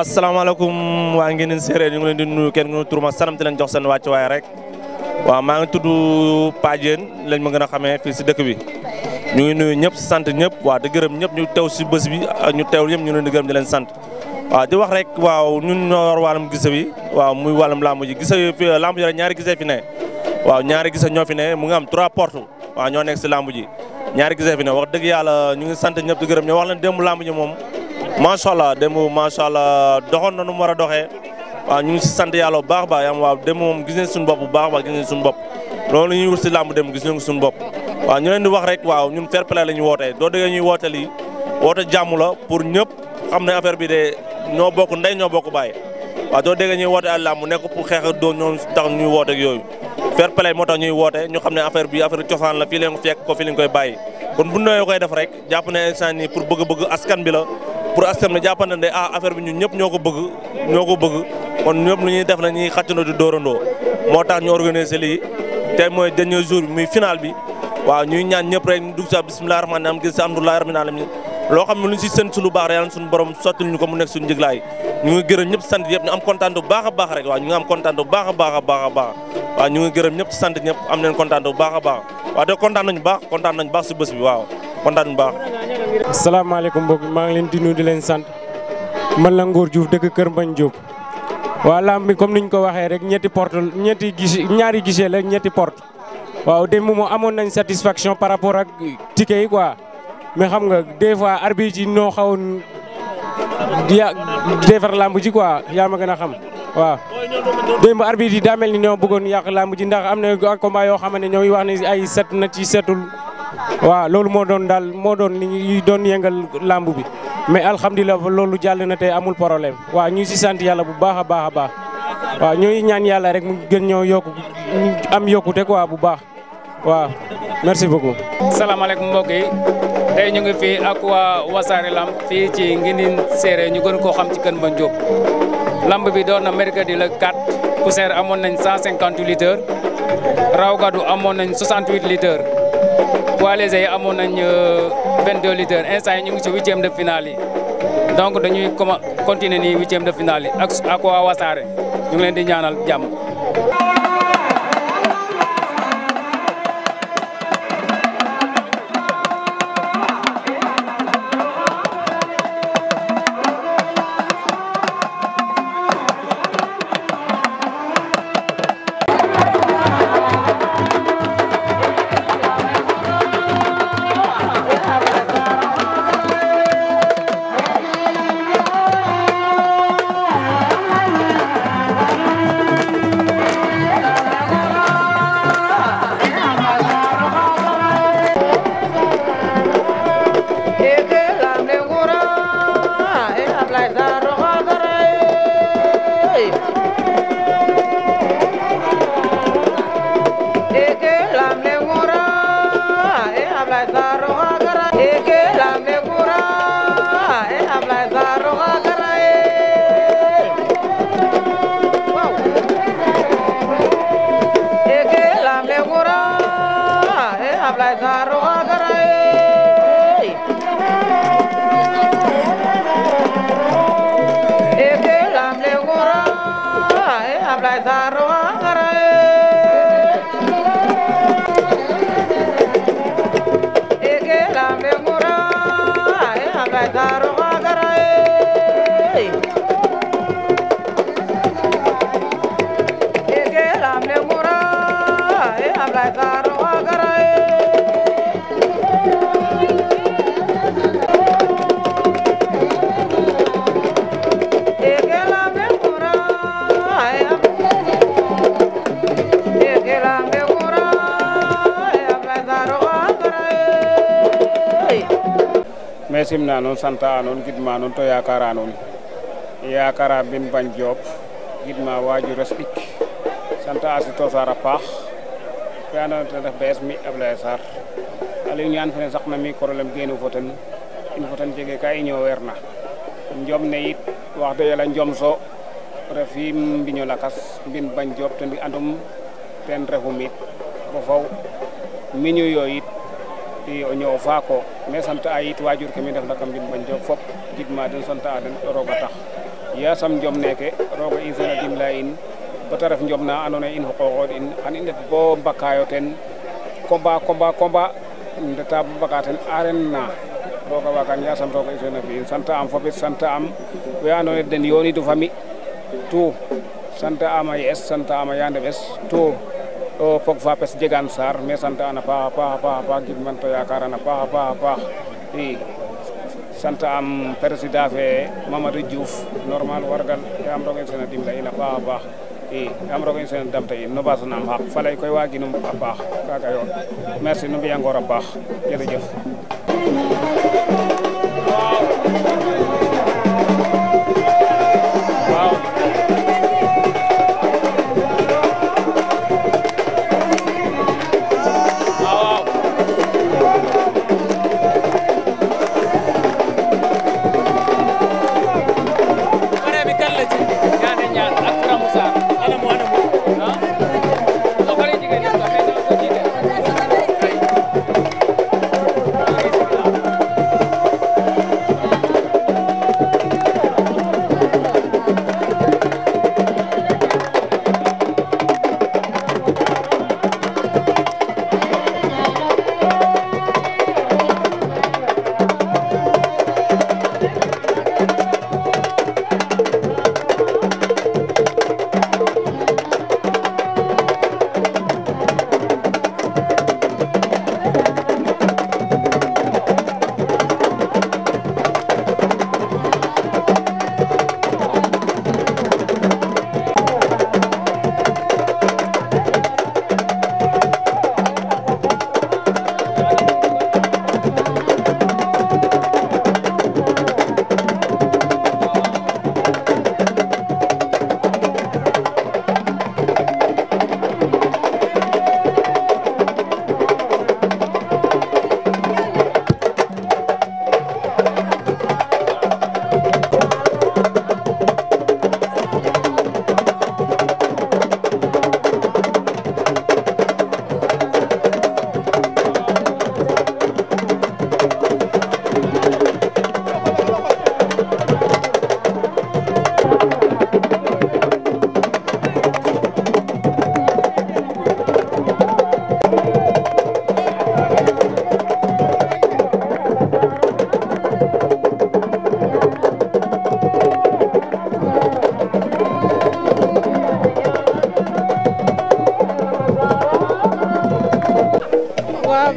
waaw asalaamaaleykum waa ngeen di séeréer ñu ngi leen nuyu kenn ku turma sanam di leen jox seen wàcc waay rek waaw maa ngi tudd Padiène lañ ma gën a xamee fii si dëkk bi ñu ngi nuyu ñëpp sant ñëpp waaw di ñëpp ñu teew si bës bi ñu tew ñëpp ñu leen di gërëm di leen sant waaw di wax rek waaw ñun ñoo war wàllum gise bi waaw muy wàllum lamb ji gise fi lamb ji rek ñaari gise fi ne waaw ñaari gisa ñoo fi ne mu ngi am trois portes waaw ñoo nekk si lamb ñaari gise fi ne wax dëgg yàlla ñu ngi sant ñëpp gërëm ñoo wax leen démb lamb ji moom macha allah démb macha allah doxoon na nu mu war a doxee waaw ñu ngi si sant yàlla bu baax baax yam waaw démb moom gis nañ bop bu baax baax gis nañ suñu bopp loolu ñuy wut si làmb dem gis nañ suñu bopp waaw ñu leen wax rek waaw ñun fair play la ñu wootee doo déggee ñuy woote lii woote jàmm la pour ñëpp xam ne affaire bi de ñoo bokk ndey ñoo bokk bàyyi waaw doo déggee ñuy woote ak làmb nekk pour xeex doo ñoom tax ñuy woote yooyu fair play moo tax ñuy woote ñu xam ne affaire bi affaire cosaan la fii leen ko fekk ko fii kon bu ñu koy def rek jàpp ne instant nii pour bëgg-bëgg askan la pour askan bi jàppante ne ah affaire bi ñun ñëpp ñoo ko bëgg ñoo ko bëgg kon ñëpp lu ñuy def na ñuy xàccandoo di dóorandoo moo tax ñu organiser lii tey mooy dernier jour bi muy final bi waaw ñuy ñaan ñëpp rek ñu dugg sa bisimilah rahmaani rahiim gis sa alhamdulilah rabbil alamin loo xam ne lu ñu si seen su lu baax rek yàlla suñu borom sottil ñu ko mu nekk suñu njëglaay ñu ngi gërëm ñëpp sant yëpp ñu am kontaan bu baax a baax rek waaw ñu ngi am kontaan bu baax a baax a baax a waaw ñu ngi gërëm ñëpp sant ñëpp am neen kontaan bu baax a baax waaw de kontaan nañu baax kontaan nañu baax si bés bi waaw salaamaaleykum mbokk maa ngi leen di nuyu di leen sant man la Ngor juuf dëkk Kër Mbañ Diop. waa lamb bi comme niñ ko waxee rek ñetti port ñetti gis ñaari gisee la ñetti porte waaw dem moom amoon nañ satisfaction par rapport ak ticket yi quoi mais xam nga des fois arbitre yi noo xawoon ya defar lamb ji quoi yaam ma gën a xam waaw. démb arbitre yi daa mel ni ñoo bëggoon yàq lamb ji ndax am na combat yoo xam ne wax ne ay set na ci setul. waaw loolu moo doon daal moo doon li ñuy doon yëngal làmb bi mais alhamdulilah loolu jàll na tey amul problème waa ñu si sant yàlla bu baax a baax a baax waaw ñuy ñaan yàlla rek mu gën ñoo yokk am yokkute quoi bu baax waaw merci beaucoup. salaamaaleykum mbokk yi tey ñu ngi fi ak waa Wassare Lamb fi ci Nguindine Séré ñu gën koo xam ci kën Mba Diop lamb bi doon na mercredi le 4 poussière amoon nañ 158 litres raw gadu amoon nañ 68 litres. poids légers yi amoon nañ 22 euh, lutteurs instant yi ñu ngi ci huitième de finale yi donc dañuy continuer nii huitième de finale ak ak waa di ñaanal jàmm. jinna noon santa a noon gidma noon to yakara noon yakara bin ban diob gidma wajures ɗik santa a si tosar a paax fe andoona ten ref BS mi Ablaye Sarr Aliou Niane fene saqna mi problème geenu fo ten in fo ten jege ka i ñooweerna njom ne yit wax dëgg yàlla njom so refi mbiño lakas mbin ban diob ten andum ten refum bo faw miñu yooyit i o ñoow faako mais sant a yit waajur ke mi ndef na kam mbind ma Njob fop gidma den sant a den roog a tax yasam njom neke roog a isena in ba ta ref njom na andoona yee in xoqooxood in xan i ndet bo mbakaayo ten combat combat combat ndeta bo mbaga ten aren na roog a waagan yasam roog a isena fi in sant am fopit sant am we andoona yee den yoonidu fami tout sant am a ye'es sant am a Ya Ndefes tout o oh, fog fa pes jegan sarr me sante'an a paax a paax paax gidman to yakaran a paax a paax i sant am président fe Mamadou Diouf normal wargal yaam roog sen a dimle in a paax a paax i yaam roog sen a damta in nu mbaasanaam xaq fa lay koy waaginum a paax kaaga yoon merci nu mbi'angoor a paax jërëjëf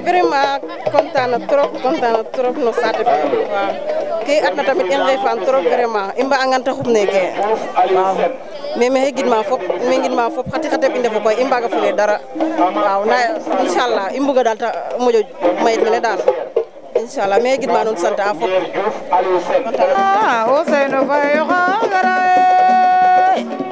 vraiment kontaan na trop kontaan na trop no saate fe waaw ke i atna tamit i ngeefaan trop vraiment i mbaagan te xup neeke waaw mais maxey fop xa teɓ i ndefu koy i mbaaga dara waaw nda daal ta moƴo mayit mene daal inchallah maxey gidma nuun sant a fop ah, o Seynou Faye o xaagara eh!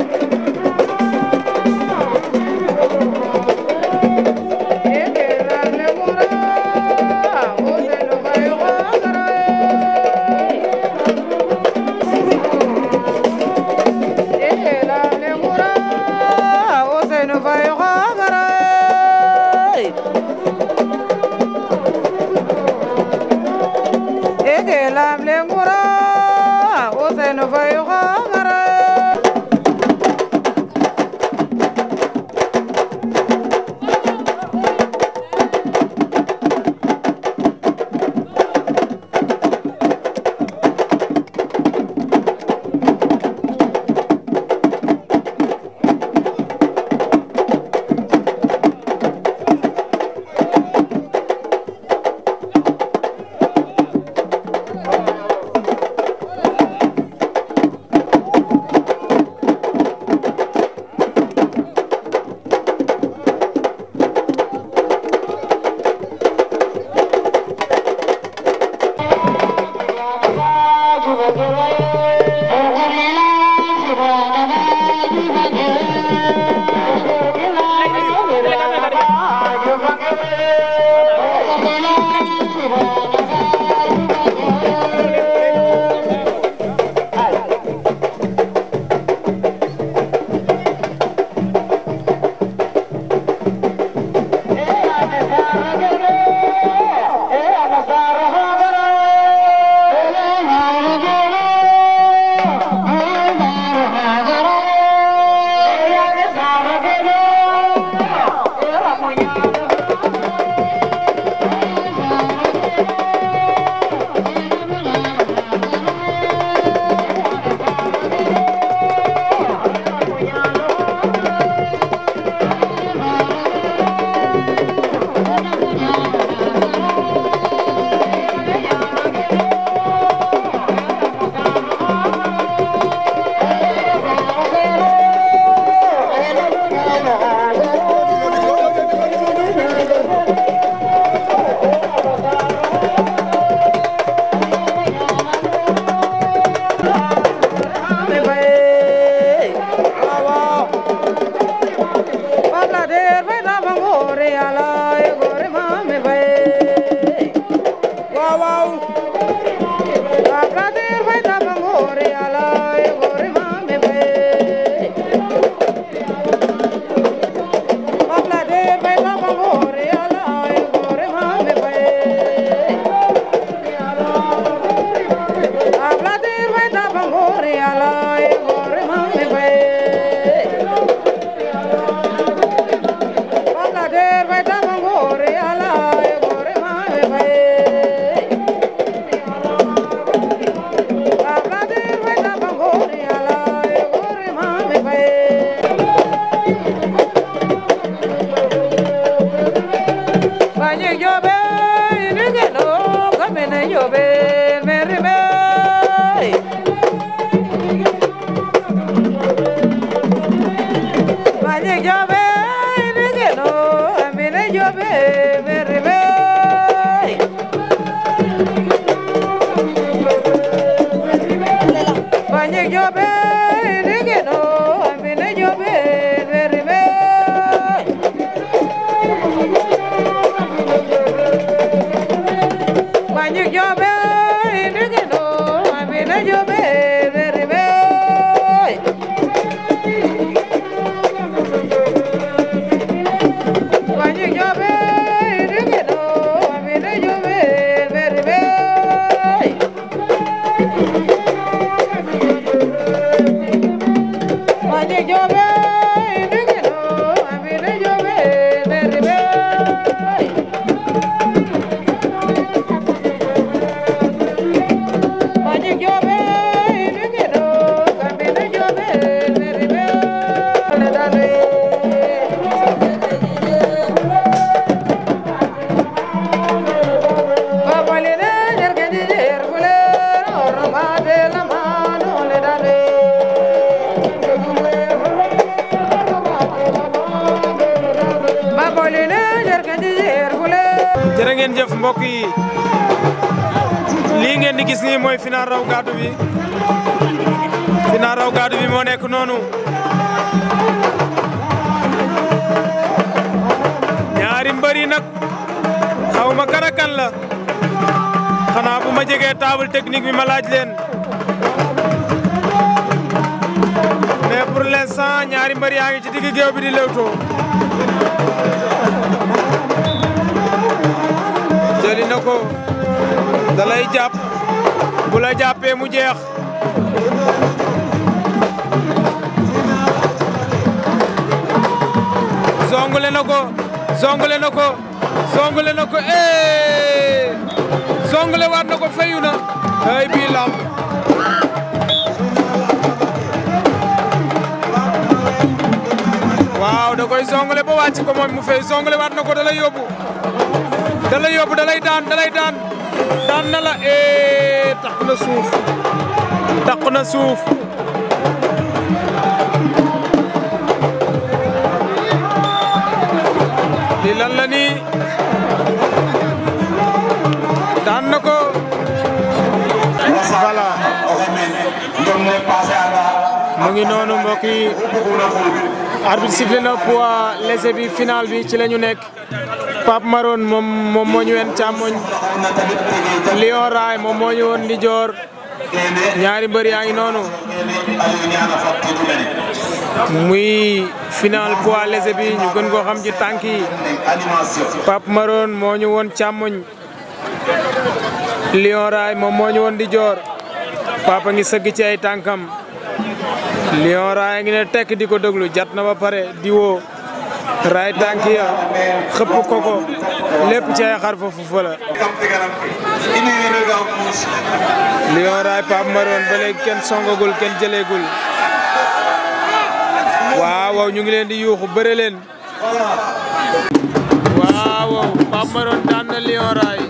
Señor. me llover. ginnaaw raw gaadu bi moo nekk noonu ñaari mbëri nag xaw ma kan la xanaa bu ma jegee table technique bi ma laaj leen mais pour l'instant ñaari mbëri yaa ngi ci digg géew bi di lewtoo jëli na ko da lay jàpp bu la jàppee mu jeex songule na ko songule na ko songule na ko eh songule ko fayu na waaw da koy songule ba wàcc ko moom mu fay songule waat na ko da lay yóbbu da yóbbu da daan da lay daan daan na la eh, na suuf taq na suuf li lan la nii daan na ko. voilà. mu ngi noonu mbokk yi. arbitre sifflé na bi final bi ci la nekk. Pape Maroon moom moom moo ñu wen càmmoñ. Lion Raay moom moo ñu woon ndijoor. ñaari mbër yaa noonu. muy. final poids léger bi ñu gën koo xam ci tànk yi Pape Maroon moo ñu woon càmmoñ Lion Raay moom moo ñu woon di joor Pape a ngi sëgg ci ay tànkam Lion Raay a ngi ne tekk di ko déglu jat na ba pare diwoo woo raay tànk ya xëpp ko ko lépp ci ay xar fa fufa la Lion Raay Pape Maroon ba léegi kenn songagul kenn jëleegul waawa waaw ñu ngi leen di yuuxu bëre leen. waaw Pape Maroon daan na Lion Raay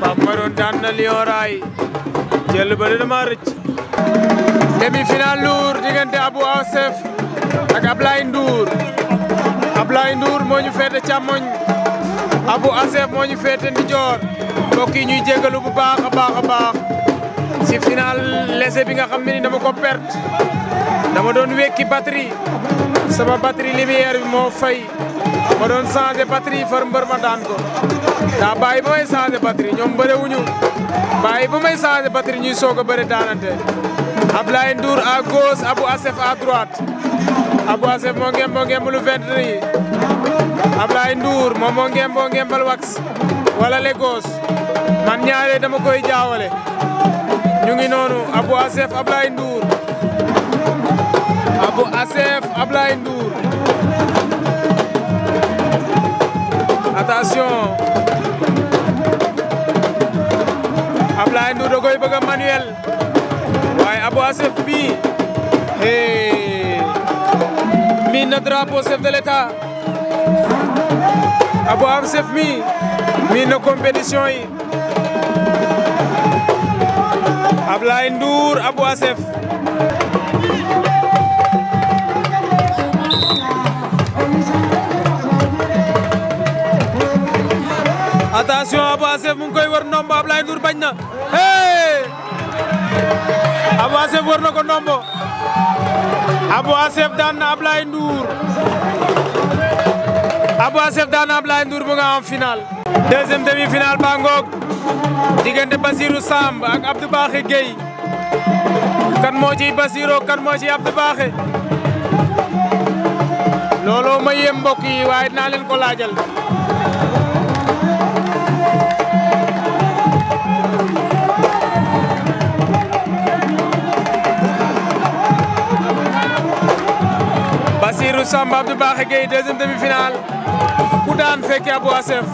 Pape Maroon daan na Lion Raay jël ba le dama rëcc. demi-finale lourd diggante Abou Assef ak moo ñu féete càmmoñ Abou Assef moo ñu féete ndijoor mbokk yi ñuy jégalu bu baax a baax baax si final lese bi nga xam ne ni dama ko perte. dama doon wekki batterie sama batterie lumière bi moo fay ma doon changé batterie far mbër ma daan ko daa bàyyi ba may changé batterie ñoom bëriwuñu bàyyi ba may changé batterie ñuy soog a bëri daanante Ablaye Ndour à gauche Abou Assef à droite Abou Assef moo moo ngem boo ngembal wala le gauche man ñaare dama koy jaawale ñu ngi noonu Abou Assef Ablaye Ndour bu ACF Ablaye Ndour attention Ablaye Ndour da koy bëgg a manuel waaye abu ACF bi hey miin na drapeau chef de l'État abu ACF mi miin na compétition yi Ablaye Ndour abu ACF attention Abou Assef mu ngi koy war ndombo Ablaye Ndour bañ na hey Abou Assef war na ko ndombo Abou mu nga am final. deuxième demi final ba ngoog diggante Basirou Samb ak Abdou Bakhe Gueye kan moo ciy kan moo ciy Abdou Bakhe looloo yi waaye dinaa leen ko laajal. Basirou Samba Abdou Bakhe Gueye deuxième demi-finale ku daan fekke Abou Assef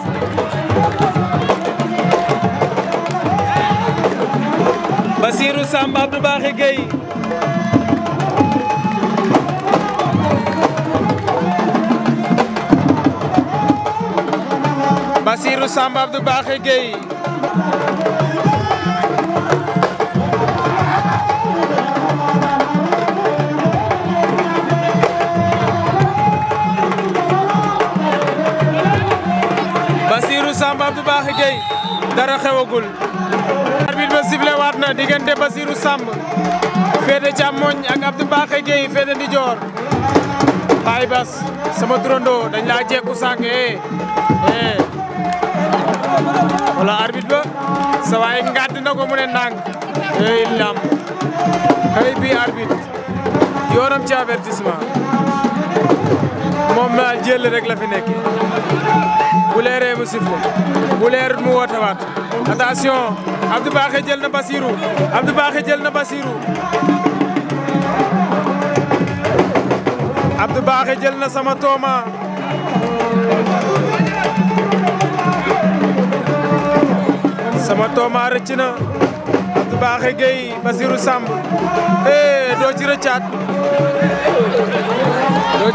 Basirou Samba Abdou Bakhe Gueye Basirou Samba xewagul arbitre ba sifflé waat na diggante Basirou Samb féete càmmoñ ak Abdou Bakhay Gueye féete ndijoor Baye Bass sama turandoo dañ laa jekku sànq eh eh wala arbitre ba sa waay ngàdd na ne ndànk eh lam xëy bi arbitre yoonam ci avertissement moom ma jël rek la fi nekk bu mu sifflé bu mu woote waat attention Abdou Bakhe jël na Basirou Abdou Bakhe jël na Basirou Abdou Bakhe jël na sama tooma sama tooma rëcc na Abdou Bakhe Gueye Basirou Samb eh doo ci rëccaat doo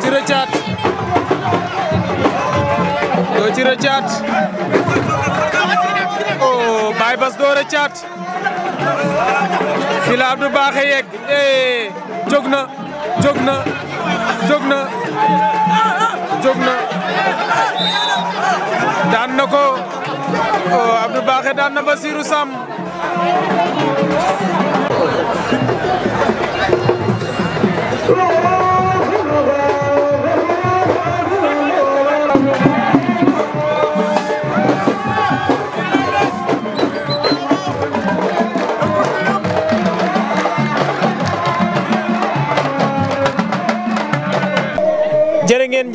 ci rëccaat doo ci rëccaat oh Baye Bass doo rëccaat fi la Abdou Baaxe yegg eh jóg na jóg na jóg na jóg na daan na ko oh Abdou Baaxe daan na Basirou Sam.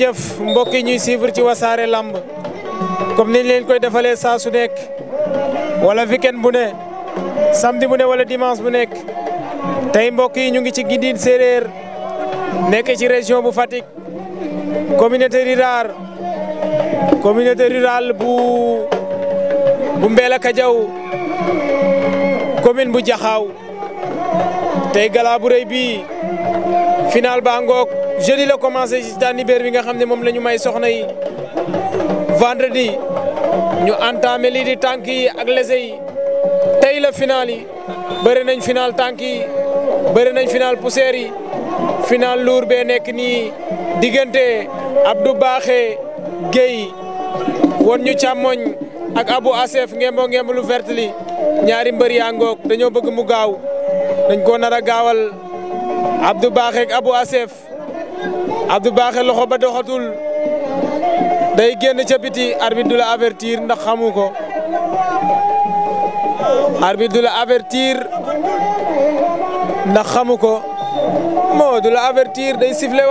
jëf mbokk yi ñuy suivre ci wasaare lamb comme ni leen koy defalee saa su nekk wala weekend bu ne samedi bu wala dimanche bu nekk tey mbokk yi ñu ngi ci Guindine séeréer nekk ci région bu Fatick communauté rurale communauté rurale bu bu Mbélacadiao commune bu jaxaaw tey gala bu rëy bii final ba jeudi la commencé ci tànnibéer bi nga xam ne moom la ñu may soxna yi vendredi ñu entamé lii di tànk yi ak lese yi tey la final yi bëri nañ final tànk yi bëri nañ final poussière yi final lour bee nekk nii diggante Abdou Baaxe Guèye won ñu càmmoñ ak abu Asef ngemboo ngemb lu vert li ñaari mbër yaa ngoog dañoo bëgg mu gaaw dañ ko nar a gaawal Abdou Baaxe ak Abou Asef Abdou Baaxe loxo ba doxatul day génn ca biti arbitre du avertir ndax xamu ko arbitre du la avertir ndax xamu ko moo dula avertir day sifflé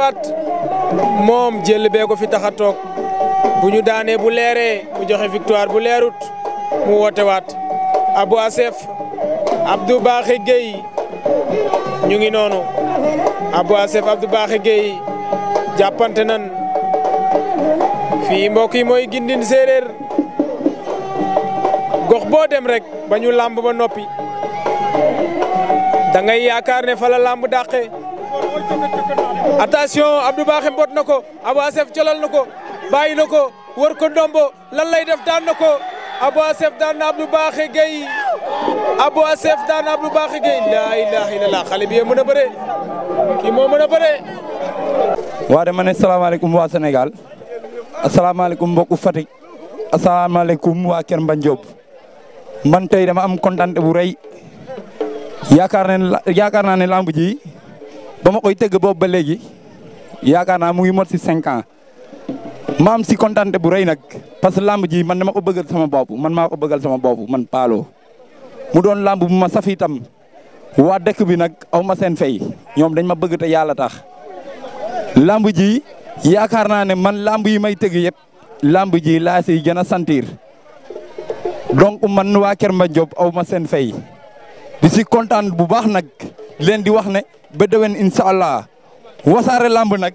moom jël bee ko fi tax a toog bu ñu daanee bu leeree mu joxe victoire bu leerut mu woote waat Abou Assef baax Baaxe Gueye ñu ngi noonu Abou Assef Abdou Baaxe Gueye jàppante nan fii mbokk yi mooy gindin séeréer gox boo dem rek bañu làmb ba noppi dangay ngay yaakaar ne fa làmb dàqe attention Abdou Baaxe mbot na ko Abou Assef colal na ko bàyyi na ko wër ko ndombo lan lay def daan na ko Abou Assef daan na Abdou Baaxe Gueye Abou Assef daan na Abdou Baaxe Gueye laa ilaaha xale bi yee mën a bëre kii moo mën a bëre waa dama ne salaamaaleykum waa Sénégal asalaamaaleykum mbokku Fatick asalaamaaleykum waa Kër Mbagne Diop man tey dama am kontaan bu rëy yaakaar ne yaakaar naa ne lamb ji ba ma koy tëgg boobu ba léegi yaakaar naa mu ngi mot si cinq ans ma si kontaan bu rëy nag parce que lamb ji man dama ko bëggal sama bopp man maa ko bëggal sama bopp man Paalo mu doon lamb mu ma saf itam waa dëkk bi nag aw ma seen fay ñoom dañ ma bëgg te yàlla lamb ji yaakaar naa ne man lamb yi may tëgg yëpp lamb ji laa siy gën a sentir donc man waa Kër Mbaye Diop aw ma seen fay di si kontaan bu baax nag leen di wax ne ba déwén incha allah wasaare lamb nag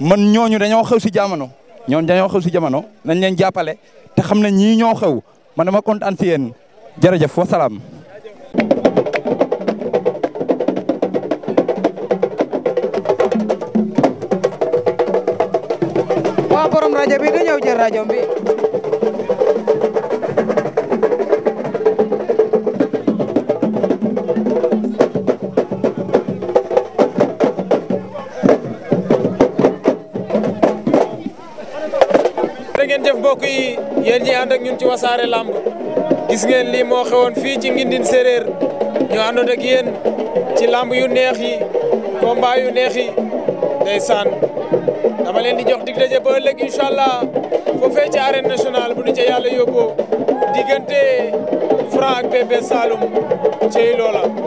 man ñooñu dañoo xew si jamono ñoom dañoo xew si jamono nañ leen jàppale te xam ne ñii ñoo xew man dama kontaan si yéen jërëjëf wasalaam. rajo bi du ñëw jël rajo bi. ngeen jëf mbokk yi yéen ñi ànd ak ñun ci wasaare lamb gis ngeen lii moo xewoon fii ci Ngindin Séréer ñu àndoon ak yéen ci lamb yu neex yi combat yu neex yi ndeysaan dama leen di jox dig daje ba ëllëg incha allah foofee ci arène nationale bu nu ca yàlla yóbboo diggante Franc ak Bébé Saloum cey loola